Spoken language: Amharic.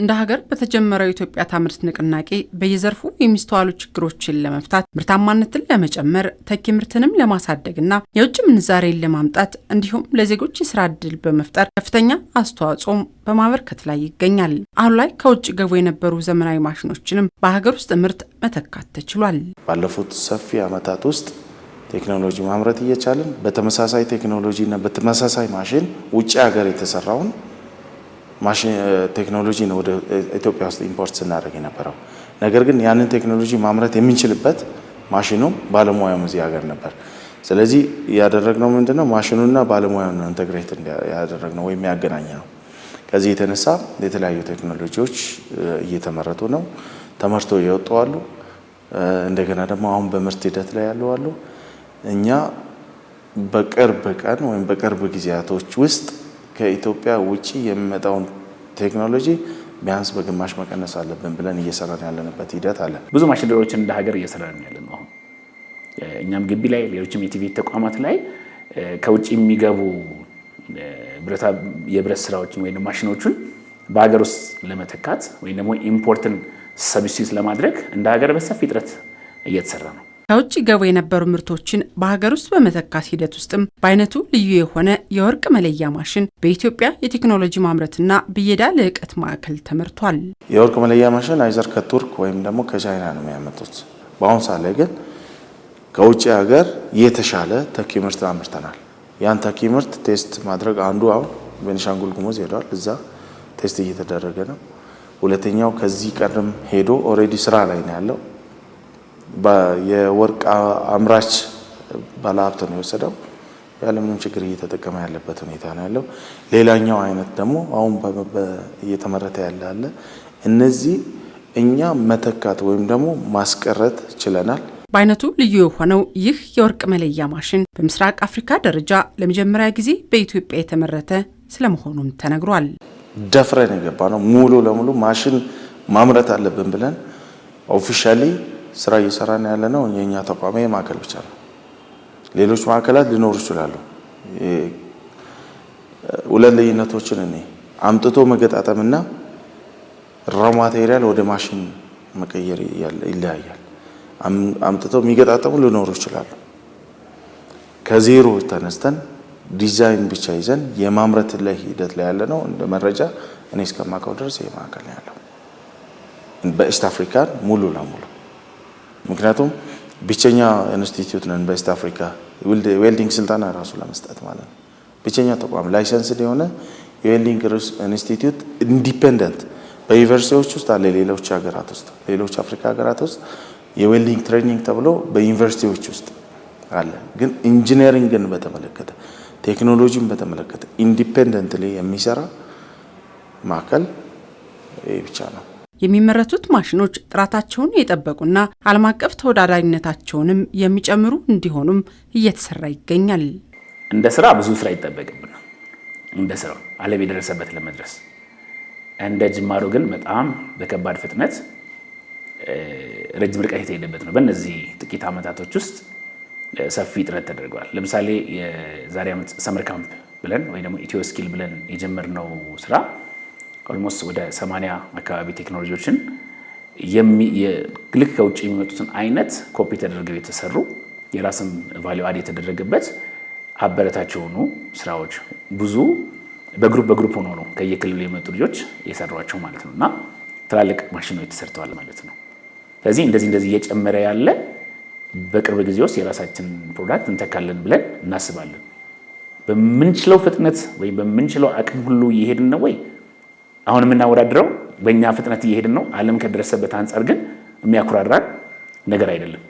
እንደ ሀገር በተጀመረው የኢትዮጵያ ታምርት ንቅናቄ በየዘርፉ የሚስተዋሉ ችግሮችን ለመፍታት ምርታማነትን ለመጨመር ተኪ ምርትንም ለማሳደግና የውጭ ምንዛሬን ለማምጣት እንዲሁም ለዜጎች የስራ እድል በመፍጠር ከፍተኛ አስተዋጽኦም በማበርከት ላይ ይገኛል። አሁን ላይ ከውጭ ገቡ የነበሩ ዘመናዊ ማሽኖችንም በሀገር ውስጥ ምርት መተካት ተችሏል። ባለፉት ሰፊ ዓመታት ውስጥ ቴክኖሎጂ ማምረት እየቻልን በተመሳሳይ ቴክኖሎጂና በተመሳሳይ ማሽን ውጭ ሀገር የተሰራውን ማሽን ቴክኖሎጂ ነው ወደ ኢትዮጵያ ውስጥ ኢምፖርት ስናደርግ የነበረው። ነገር ግን ያንን ቴክኖሎጂ ማምረት የምንችልበት ማሽኑም ባለሙያውም እዚህ ሀገር ነበር። ስለዚህ ያደረግነው ምንድነው ማሽኑና ባለሙያውን ነው ኢንተግሬት ያደረግነው ወይም ያገናኘ ነው። ከዚህ የተነሳ የተለያዩ ቴክኖሎጂዎች እየተመረቱ ነው። ተመርቶ እየወጡ አሉ። እንደገና ደግሞ አሁን በምርት ሂደት ላይ ያሉ አሉ። እኛ በቅርብ ቀን ወይም በቅርብ ጊዜያቶች ውስጥ ከኢትዮጵያ ውጭ የሚመጣውን ቴክኖሎጂ ቢያንስ በግማሽ መቀነስ አለብን ብለን እየሰራን ያለንበት ሂደት አለ። ብዙ ማሽነሪዎችን እንደ ሀገር እየሰራን ያለ ነው። አሁን እኛም ግቢ ላይ፣ ሌሎችም የቲቪ ተቋማት ላይ ከውጭ የሚገቡ የብረት ስራዎችን ወይም ማሽኖቹን በሀገር ውስጥ ለመተካት ወይም ደግሞ ኢምፖርትን ሰብስቲት ለማድረግ እንደ ሀገር በሰፊ ጥረት እየተሰራ ነው። ከውጭ ገቡ የነበሩ ምርቶችን በሀገር ውስጥ በመተካት ሂደት ውስጥም በአይነቱ ልዩ የሆነ የወርቅ መለያ ማሽን በኢትዮጵያ የቴክኖሎጂ ማምረትና ብየዳ ልዕቀት ማዕከል ተመርቷል። የወርቅ መለያ ማሽን አይዘር ከቱርክ ወይም ደግሞ ከቻይና ነው የሚያመጡት። በአሁን ሰዓት ላይ ግን ከውጭ ሀገር የተሻለ ተኪ ምርት አምርተናል። ያን ተኪ ምርት ቴስት ማድረግ አንዱ አሁን ቤኒሻንጉል ጉሙዝ ሄደዋል። እዛ ቴስት እየተደረገ ነው። ሁለተኛው ከዚህ ቀደም ሄዶ ኦልሬዲ ስራ ላይ ነው ያለው የወርቅ አምራች ባለሀብት ነው የወሰደው። ያለምንም ችግር እየተጠቀመ ያለበት ሁኔታ ነው ያለው። ሌላኛው አይነት ደግሞ አሁን እየተመረተ ያለ አለ። እነዚህ እኛ መተካት ወይም ደግሞ ማስቀረት ችለናል። በአይነቱ ልዩ የሆነው ይህ የወርቅ መለያ ማሽን በምስራቅ አፍሪካ ደረጃ ለመጀመሪያ ጊዜ በኢትዮጵያ የተመረተ ስለመሆኑም ተነግሯል። ደፍረን የገባ ነው። ሙሉ ለሙሉ ማሽን ማምረት አለብን ብለን ኦፊሻሊ ስራ እየሰራን ያለ ነው። የእኛ ተቋም ማዕከል ብቻ ነው። ሌሎች ማዕከላት ሊኖሩ ይችላሉ። ሁለት ልዩነቶችን እኔ አምጥቶ መገጣጠምና ራው ማቴሪያል ወደ ማሽን መቀየር ይለያያል። አምጥተው የሚገጣጠሙ ሊኖሩ ይችላሉ። ከዜሮ ተነስተን ዲዛይን ብቻ ይዘን የማምረት ላይ ሂደት ላይ ያለ ነው። እንደ መረጃ እኔ እስከማውቀው ድረስ ይሄ ማዕከል ነው ያለው በኢስት አፍሪካን ሙሉ ለሙሉ ምክንያቱም ብቸኛ ኢንስቲትዩት ነን በኢስት አፍሪካ ዌልዲንግ ስልጠና ራሱ ለመስጠት ማለት ነው። ብቸኛ ተቋም ላይሰንስ የሆነ የዌልዲንግ ኢንስቲትዩት ኢንዲፔንደንት በዩኒቨርሲቲዎች ውስጥ አለ። ሌሎች ሀገራት ውስጥ ሌሎች አፍሪካ ሀገራት ውስጥ የዌልዲንግ ትሬኒንግ ተብሎ በዩኒቨርሲቲዎች ውስጥ አለ። ግን ኢንጂነሪንግን በተመለከተ ቴክኖሎጂን በተመለከተ ኢንዲፔንደንትሊ የሚሰራ ማዕከል ይህ ብቻ ነው። የሚመረቱት ማሽኖች ጥራታቸውን የጠበቁና ዓለም አቀፍ ተወዳዳሪነታቸውንም የሚጨምሩ እንዲሆኑም እየተሰራ ይገኛል። እንደ ስራ ብዙ ስራ ይጠበቅብን እንደ ስራው ዓለም የደረሰበት ለመድረስ እንደ ጅማሮ ግን በጣም በከባድ ፍጥነት ረጅም ርቀት የተሄደበት ነው። በእነዚህ ጥቂት ዓመታቶች ውስጥ ሰፊ ጥረት ተደርገዋል። ለምሳሌ የዛሬ ዓመት ሰምር ካምፕ ብለን ወይ ደግሞ ኢትዮ ስኪል ብለን የጀመርነው ስራ ኦልሞስት ወደ ሰማንያ አካባቢ ቴክኖሎጂዎችን ልክ ከውጭ የሚመጡትን አይነት ኮፒ ተደርገው የተሰሩ የራስም ቫሊዩ አድ የተደረገበት አበረታች የሆኑ ስራዎች ብዙ በግሩፕ በግሩፕ ሆኖ ነው ከየክልሉ የመጡ ልጆች የሰሯቸው ማለት ነው እና ትላልቅ ማሽኖች ተሰርተዋል ማለት ነው። ስለዚህ እንደዚህ እንደዚህ እየጨመረ ያለ በቅርብ ጊዜ ውስጥ የራሳችን ፕሮዳክት እንተካለን ብለን እናስባለን። በምንችለው ፍጥነት ወይም በምንችለው አቅም ሁሉ እየሄድን ነው ወይ አሁን የምናወዳድረው በእኛ ፍጥነት እየሄድን ነው። ዓለም ከደረሰበት አንጻር ግን የሚያኩራራ ነገር አይደለም።